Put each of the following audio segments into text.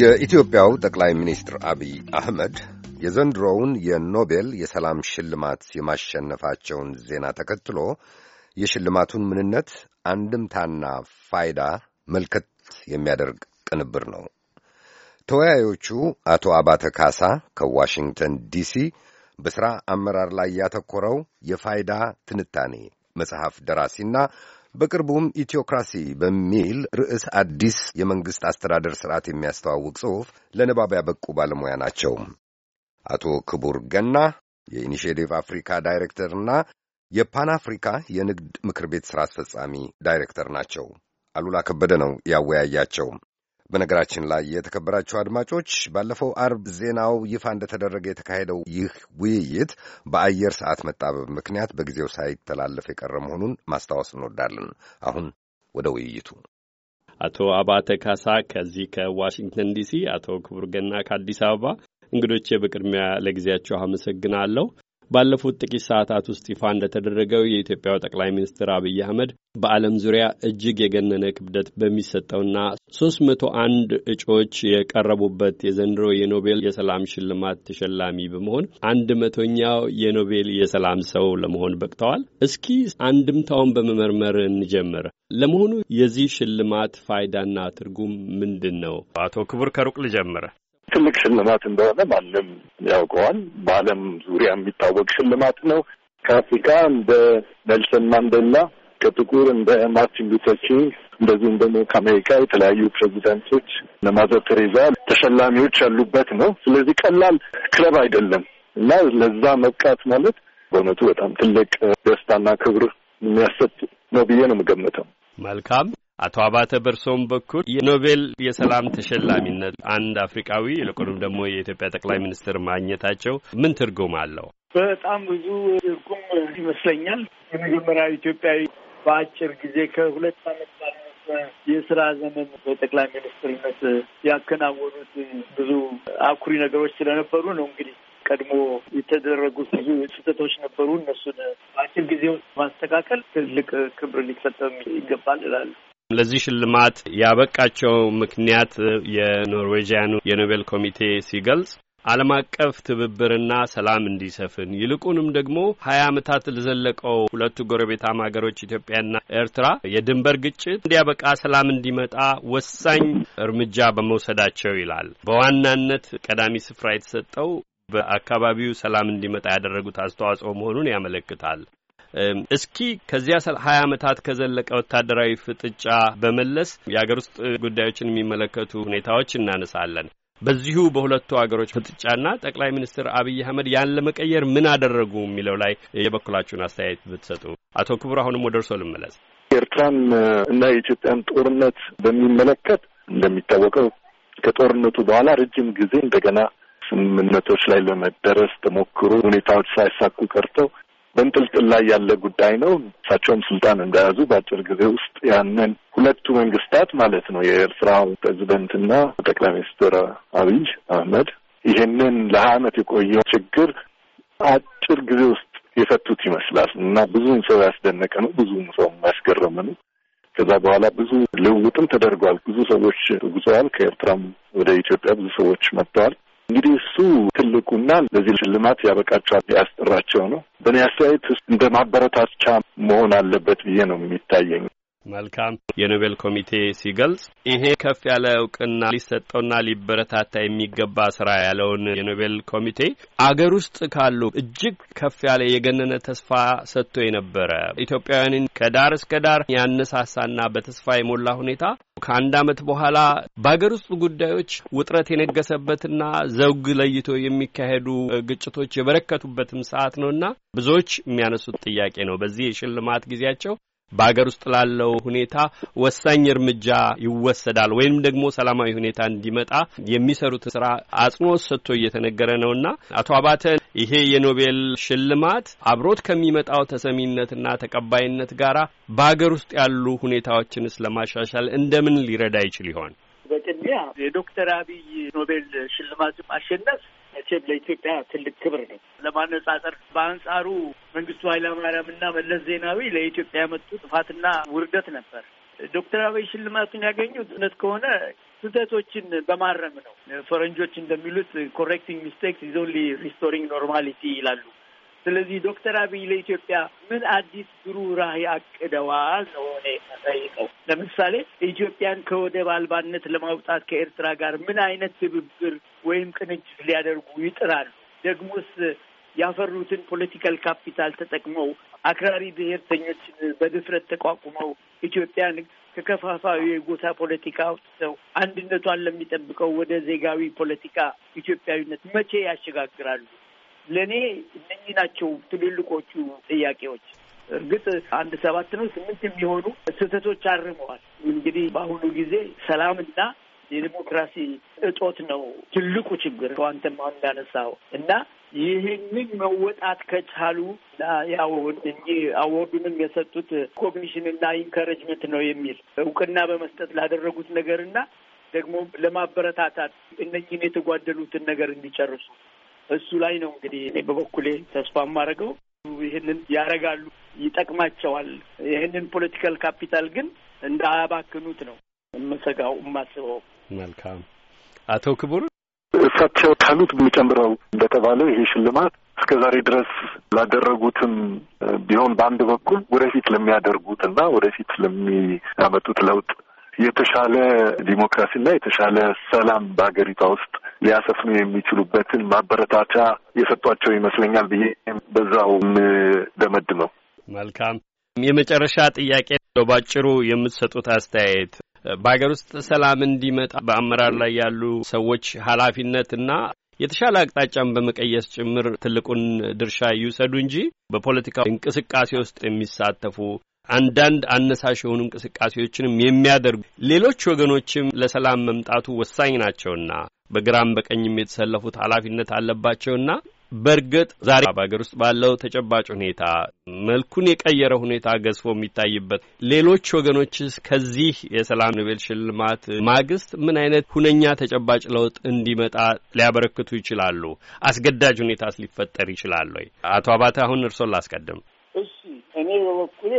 የኢትዮጵያው ጠቅላይ ሚኒስትር አብይ አህመድ የዘንድሮውን የኖቤል የሰላም ሽልማት የማሸነፋቸውን ዜና ተከትሎ የሽልማቱን ምንነት አንድምታና ፋይዳ መልከት የሚያደርግ ቅንብር ነው። ተወያዮቹ አቶ አባተ ካሳ ከዋሽንግተን ዲሲ በሥራ አመራር ላይ ያተኮረው የፋይዳ ትንታኔ መጽሐፍ ደራሲና በቅርቡም ኢትዮክራሲ በሚል ርዕስ አዲስ የመንግሥት አስተዳደር ሥርዓት የሚያስተዋውቅ ጽሑፍ ለንባብ ያበቁ ባለሙያ ናቸው። አቶ ክቡር ገና የኢኒሼቲቭ አፍሪካ ዳይሬክተርና የፓን አፍሪካ የንግድ ምክር ቤት ሥራ አስፈጻሚ ዳይሬክተር ናቸው። አሉላ ከበደ ነው ያወያያቸው። በነገራችን ላይ የተከበራችሁ አድማጮች ባለፈው አርብ ዜናው ይፋ እንደተደረገ የተካሄደው ይህ ውይይት በአየር ሰዓት መጣበብ ምክንያት በጊዜው ሳይተላለፍ የቀረ መሆኑን ማስታወስ እንወዳለን። አሁን ወደ ውይይቱ አቶ አባተ ካሳ ከዚህ ከዋሽንግተን ዲሲ፣ አቶ ክቡር ገና ከአዲስ አበባ እንግዶቼ በቅድሚያ ለጊዜያቸው አመሰግናለሁ። ባለፉት ጥቂት ሰዓታት ውስጥ ይፋ እንደተደረገው የኢትዮጵያው ጠቅላይ ሚኒስትር አብይ አህመድ በዓለም ዙሪያ እጅግ የገነነ ክብደት በሚሰጠውና ሶስት መቶ አንድ እጩዎች የቀረቡበት የዘንድሮ የኖቤል የሰላም ሽልማት ተሸላሚ በመሆን አንድ መቶኛው የኖቤል የሰላም ሰው ለመሆን በቅተዋል። እስኪ አንድምታውን በመመርመር እንጀምር። ለመሆኑ የዚህ ሽልማት ፋይዳና ትርጉም ምንድን ነው? አቶ ክቡር ከሩቅ ልጀምር። ትልቅ ሽልማት እንደሆነ ማንም ያውቀዋል። በዓለም ዙሪያ የሚታወቅ ሽልማት ነው። ከአፍሪካ እንደ ኔልሰን ማንዴላ፣ ከጥቁር እንደ ማርቲን ሉተር ኪንግ እንደዚሁም ደግሞ ከአሜሪካ የተለያዩ ፕሬዚዳንቶች እነ ማዘር ቴሬዛ ተሸላሚዎች ያሉበት ነው። ስለዚህ ቀላል ክለብ አይደለም እና ለዛ መብቃት ማለት በእውነቱ በጣም ትልቅ ደስታና ክብር የሚያሰጥ ነው ብዬ ነው የምገምተው። መልካም አቶ አባተ በርሶም በኩል የኖቤል የሰላም ተሸላሚነት አንድ አፍሪካዊ ይልቁንም ደግሞ የኢትዮጵያ ጠቅላይ ሚኒስትር ማግኘታቸው ምን ትርጉም አለው? በጣም ብዙ ትርጉም ይመስለኛል። የመጀመሪያው ኢትዮጵያዊ በአጭር ጊዜ ከሁለት ዓመት ባለፈ የስራ ዘመን በጠቅላይ ሚኒስትርነት ያከናወኑት ብዙ አኩሪ ነገሮች ስለነበሩ ነው እንግዲህ ቀድሞ የተደረጉት ብዙ ስህተቶች ነበሩ። እነሱን በአጭር ጊዜ ውስጥ ማስተካከል ትልቅ ክብር ሊሰጠው ይገባል እላለሁ። ለዚህ ሽልማት ያበቃቸው ምክንያት የኖርዌጂያኑ የኖቤል ኮሚቴ ሲገልጽ ዓለም አቀፍ ትብብርና ሰላም እንዲሰፍን ይልቁንም ደግሞ ሀያ ዓመታት ለዘለቀው ሁለቱ ጎረቤታማ ሀገሮች ኢትዮጵያና ኤርትራ የድንበር ግጭት እንዲያበቃ ሰላም እንዲመጣ ወሳኝ እርምጃ በመውሰዳቸው ይላል። በዋናነት ቀዳሚ ስፍራ የተሰጠው በአካባቢው ሰላም እንዲመጣ ያደረጉት አስተዋጽኦ መሆኑን ያመለክታል። እስኪ ከዚያ ሀያ ዓመታት ከዘለቀ ወታደራዊ ፍጥጫ በመለስ የአገር ውስጥ ጉዳዮችን የሚመለከቱ ሁኔታዎች እናነሳለን። በዚሁ በሁለቱ አገሮች ፍጥጫና ጠቅላይ ሚኒስትር አብይ አህመድ ያን ለመቀየር ምን አደረጉ የሚለው ላይ የበኩላችሁን አስተያየት ብትሰጡ። አቶ ክቡር አሁንም ወደ እርሶ ልመለስ። ኤርትራን እና የኢትዮጵያን ጦርነት በሚመለከት እንደሚታወቀው ከጦርነቱ በኋላ ረጅም ጊዜ እንደገና ስምምነቶች ላይ ለመደረስ ተሞክሮ ሁኔታዎች ሳይሳኩ ቀርተው በንጥልጥል ላይ ያለ ጉዳይ ነው። እሳቸውም ስልጣን እንደያዙ በአጭር ጊዜ ውስጥ ያንን ሁለቱ መንግስታት ማለት ነው የኤርትራው ፕሬዚደንትና ጠቅላይ ሚኒስትር አብይ አህመድ ይሄንን ለሀያ ዓመት የቆየው ችግር አጭር ጊዜ ውስጥ የፈቱት ይመስላል እና ብዙውን ሰው ያስደነቀ ነው። ብዙውን ሰው ያስገረመ ነው። ከዛ በኋላ ብዙ ልውውጥም ተደርጓል። ብዙ ሰዎች ጉዘዋል። ከኤርትራም ወደ ኢትዮጵያ ብዙ ሰዎች መጥተዋል። እንግዲህ እሱ ትልቁና ለዚህ ሽልማት ያበቃቸዋል ያስጠራቸው ነው። በእኔ አስተያየት እንደ ማበረታቻ መሆን አለበት ብዬ ነው የሚታየኝ። መልካም የኖቤል ኮሚቴ ሲገልጽ ይሄ ከፍ ያለ እውቅና ሊሰጠውና ሊበረታታ የሚገባ ስራ ያለውን የኖቤል ኮሚቴ አገር ውስጥ ካሉ እጅግ ከፍ ያለ የገነነ ተስፋ ሰጥቶ የነበረ ኢትዮጵያውያንን ከዳር እስከ ዳር ያነሳሳና በተስፋ የሞላ ሁኔታ ከአንድ ዓመት በኋላ በአገር ውስጥ ጉዳዮች ውጥረት የነገሰበትና ዘውግ ለይቶ የሚካሄዱ ግጭቶች የበረከቱበትም ሰዓት ነውና ብዙዎች የሚያነሱት ጥያቄ ነው። በዚህ የሽልማት ጊዜያቸው በአገር ውስጥ ላለው ሁኔታ ወሳኝ እርምጃ ይወሰዳል ወይም ደግሞ ሰላማዊ ሁኔታ እንዲመጣ የሚሰሩት ስራ አጽንኦት ሰጥቶ እየተነገረ ነውና አቶ አባተ ይሄ የኖቤል ሽልማት አብሮት ከሚመጣው ተሰሚነትና ተቀባይነት ጋራ በአገር ውስጥ ያሉ ሁኔታዎችንስ ለማሻሻል እንደምን ሊረዳ ይችል ይሆን? በቅድሚያ የዶክተር አብይ ኖቤል ሽልማት ማሸነፍ መቼም ለኢትዮጵያ ትልቅ ክብር ነው። ለማነጻጸር በአንጻሩ መንግስቱ ኃይለማርያምና መለስ ዜናዊ ለኢትዮጵያ የመጡ ጥፋትና ውርደት ነበር። ዶክተር አብይ ሽልማቱን ያገኙት እውነት ከሆነ ስህተቶችን በማረም ነው። ፈረንጆች እንደሚሉት ኮሬክቲንግ ሚስቴክስ ኢዝ ኦንሊ ሪስቶሪንግ ኖርማሊቲ ይላሉ። ስለዚህ ዶክተር አብይ ለኢትዮጵያ ምን አዲስ ብሩህ ራዕይ አቅደዋል ነው እኔ ጠይቀው። ለምሳሌ ኢትዮጵያን ከወደብ አልባነት ለማውጣት ከኤርትራ ጋር ምን አይነት ትብብር ወይም ቅንጅት ሊያደርጉ ይጥራሉ? ደግሞስ ያፈሩትን ፖለቲካል ካፒታል ተጠቅመው አክራሪ ብሔርተኞችን በድፍረት ተቋቁመው ኢትዮጵያን ከከፋፋዊ የጎታ ፖለቲካ አውጥተው አንድነቷን ለሚጠብቀው ወደ ዜጋዊ ፖለቲካ ኢትዮጵያዊነት መቼ ያሸጋግራሉ? ለእኔ እነኚህ ናቸው ትልልቆቹ ጥያቄዎች። እርግጥ አንድ ሰባት ነው ስምንት የሚሆኑ ስህተቶች አርመዋል። እንግዲህ በአሁኑ ጊዜ ሰላምና የዲሞክራሲ እጦት ነው ትልቁ ችግር። ከአንተም አሁን እንዳነሳው እና ይህንን መወጣት ከቻሉ ያውን እንጂ አዋርዱንም የሰጡት ኮግኒሽንና ኢንካሬጅመንት ነው የሚል እውቅና በመስጠት ላደረጉት ነገርና ደግሞ ለማበረታታት እነኝን የተጓደሉትን ነገር እንዲጨርሱ እሱ ላይ ነው እንግዲህ እኔ በበኩሌ ተስፋ የማደርገው ይህንን ያደርጋሉ፣ ይጠቅማቸዋል። ይህንን ፖለቲካል ካፒታል ግን እንዳያባክኑት ነው የምሰጋው የማስበው። መልካም አቶ ክቡር እሳቸው ካሉት የሚጨምረው እንደተባለው ይሄ ሽልማት እስከ ዛሬ ድረስ ላደረጉትም ቢሆን በአንድ በኩል ወደፊት ለሚያደርጉት እና ወደፊት ለሚያመጡት ለውጥ የተሻለ ዲሞክራሲና የተሻለ ሰላም በሀገሪቷ ውስጥ ሊያሰፍኑ የሚችሉበትን ማበረታቻ የሰጧቸው ይመስለኛል ብዬ በዛው የምደመድመው። መልካም የመጨረሻ ጥያቄ ነው። ባጭሩ የምትሰጡት አስተያየት በሀገር ውስጥ ሰላም እንዲመጣ በአመራር ላይ ያሉ ሰዎች እና የተሻለ አቅጣጫን በመቀየስ ጭምር ትልቁን ድርሻ ይውሰዱ እንጂ በፖለቲካ እንቅስቃሴ ውስጥ የሚሳተፉ አንዳንድ አነሳሽ የሆኑ እንቅስቃሴዎችንም የሚያደርጉ ሌሎች ወገኖችም ለሰላም መምጣቱ ወሳኝ ናቸውና በግራም በቀኝም የተሰለፉት ኃላፊነት አለባቸውና በእርግጥ ዛሬ በሀገር ውስጥ ባለው ተጨባጭ ሁኔታ መልኩን የቀየረ ሁኔታ ገዝፎ የሚታይበት ሌሎች ወገኖችስ ከዚህ የሰላም ኖቤል ሽልማት ማግስት ምን አይነት ሁነኛ ተጨባጭ ለውጥ እንዲመጣ ሊያበረክቱ ይችላሉ? አስገዳጅ ሁኔታስ ሊፈጠር ይችላል ወይ? አቶ አባተ አሁን እርሶን ላስቀድም። እሺ፣ እኔ በበኩሌ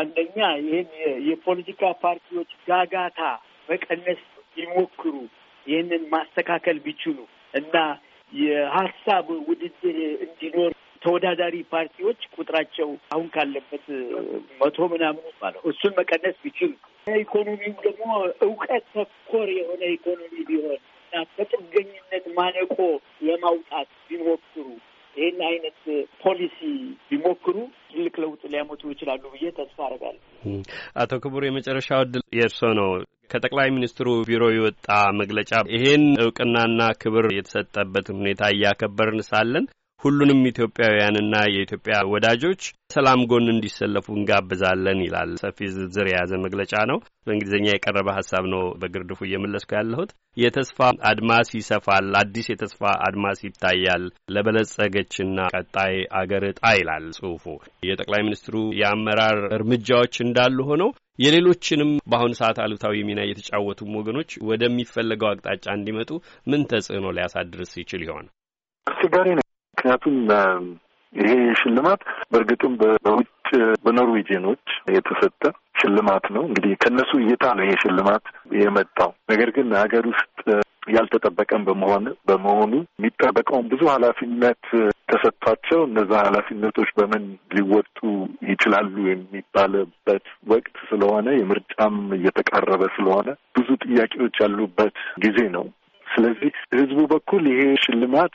አንደኛ ይህን የፖለቲካ ፓርቲዎች ጋጋታ መቀነስ ቢሞክሩ ይህንን ማስተካከል ቢችሉ እና የሀሳብ ውድድር እንዲኖር ተወዳዳሪ ፓርቲዎች ቁጥራቸው አሁን ካለበት መቶ ምናምን ማለት እሱን መቀነስ ቢችሉ ኢኮኖሚም ደግሞ እውቀት ተኮር የሆነ ኢኮኖሚ ቢሆን እና ከጥገኝነት ማነቆ ለማውጣት ቢሞክሩ ይህን አይነት ፖሊሲ ቢሞክሩ ትልቅ ለውጥ ሊያመጡ ይችላሉ ብዬ ተስፋ አደርጋለሁ። አቶ ክቡር የመጨረሻው እድል የእርሶ ነው። ከጠቅላይ ሚኒስትሩ ቢሮ የወጣ መግለጫ ይሄን እውቅናና ክብር የተሰጠበትን ሁኔታ እያከበርን ሳለን ሁሉንም ኢትዮጵያውያንና የኢትዮጵያ ወዳጆች ሰላም ጎን እንዲሰለፉ እንጋብዛለን ይላል። ሰፊ ዝርዝር የያዘ መግለጫ ነው። በእንግሊዝኛ የቀረበ ሀሳብ ነው። በግርድፉ እየመለስኩ ያለሁት የተስፋ አድማስ ይሰፋል፣ አዲስ የተስፋ አድማስ ይታያል ለበለጸገችና ቀጣይ አገር እጣ ይላል ጽሁፉ። የጠቅላይ ሚኒስትሩ የአመራር እርምጃዎች እንዳሉ ሆነው የሌሎችንም በአሁኑ ሰዓት አሉታዊ ሚና የተጫወቱም ወገኖች ወደሚፈለገው አቅጣጫ እንዲመጡ ምን ተጽዕኖ ሊያሳድርስ ይችል ይሆን? አስቸጋሪ ነው። ምክንያቱም ይሄ ሽልማት በእርግጥም በውጭ በኖርዌጂኖች የተሰጠ ሽልማት ነው። እንግዲህ ከነሱ እይታ ነው ይሄ ሽልማት የመጣው። ነገር ግን ሀገር ውስጥ ያልተጠበቀም በመሆን በመሆኑ የሚጠበቀውን ብዙ ኃላፊነት ተሰጥቷቸው እነዛ ኃላፊነቶች በምን ሊወጡ ይችላሉ የሚባልበት ወቅት ስለሆነ የምርጫም እየተቃረበ ስለሆነ ብዙ ጥያቄዎች ያሉበት ጊዜ ነው። ስለዚህ ህዝቡ በኩል ይሄ ሽልማት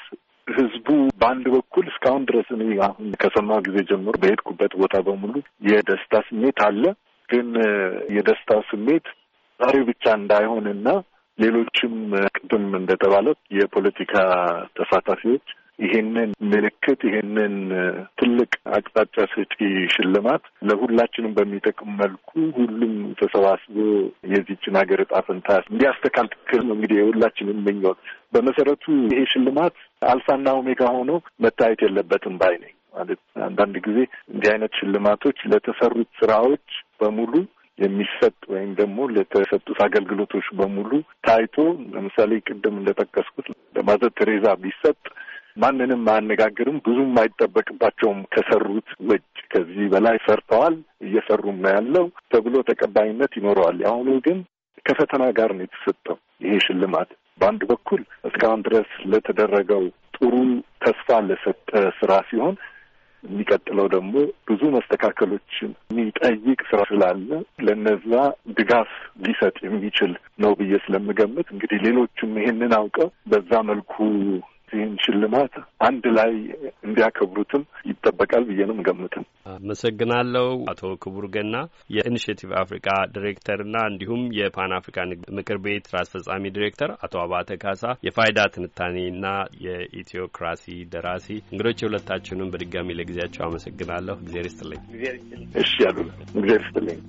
ህዝቡ በአንድ በኩል እስካሁን ድረስ እኔ አሁን ከሰማሁ ጊዜ ጀምሮ በሄድኩበት ቦታ በሙሉ የደስታ ስሜት አለ። ግን የደስታ ስሜት ዛሬው ብቻ እንዳይሆንና ሌሎችም ቅድም እንደተባለው የፖለቲካ ተሳታፊዎች ይሄንን ምልክት ይሄንን ትልቅ አቅጣጫ ሰጪ ሽልማት ለሁላችንም በሚጠቅም መልኩ ሁሉም ተሰባስቦ የዚችን ሀገር እጣ ፈንታ እንዲያስተካል ትክክል ነው እንግዲህ የሁላችንም ምኞት። በመሰረቱ ይሄ ሽልማት አልፋና ኦሜጋ ሆኖ መታየት የለበትም ባይ ነኝ። ማለት አንዳንድ ጊዜ እንዲህ አይነት ሽልማቶች ለተሰሩት ስራዎች በሙሉ የሚሰጥ ወይም ደግሞ ለተሰጡት አገልግሎቶች በሙሉ ታይቶ፣ ለምሳሌ ቅድም እንደጠቀስኩት ለማዘር ቴሬዛ ቢሰጥ ማንንም አያነጋግርም። ብዙም አይጠበቅባቸውም ከሰሩት ውጭ ከዚህ በላይ ሰርተዋል፣ እየሰሩም ነው ያለው ተብሎ ተቀባይነት ይኖረዋል። የአሁኑ ግን ከፈተና ጋር ነው የተሰጠው ይሄ ሽልማት። በአንድ በኩል እስካሁን ድረስ ለተደረገው ጥሩ ተስፋ ለሰጠ ስራ ሲሆን የሚቀጥለው ደግሞ ብዙ መስተካከሎችን የሚጠይቅ ስራ ስላለ ለነዛ ድጋፍ ሊሰጥ የሚችል ነው ብዬ ስለምገምት እንግዲህ ሌሎችም ይሄንን አውቀው በዛ መልኩ ይህን ሽልማት አንድ ላይ እንዲያከብሩትም ይጠበቃል ብዬ ነው የምገምተው። አመሰግናለሁ። አቶ ክቡር ገና የኢኒሽቲቭ አፍሪካ ዲሬክተርና እንዲሁም የፓን አፍሪካ ንግድ ምክር ቤት ስራ አስፈጻሚ ዲሬክተር አቶ አባተ ካሳ፣ የፋይዳ ትንታኔና የኢትዮክራሲ ደራሲ እንግዶች፣ የሁለታችሁንም በድጋሚ ለጊዜያቸው አመሰግናለሁ። እግዜር ይስጥልኝ። እሺ ያሉ እግዜር ይስጥልኝ።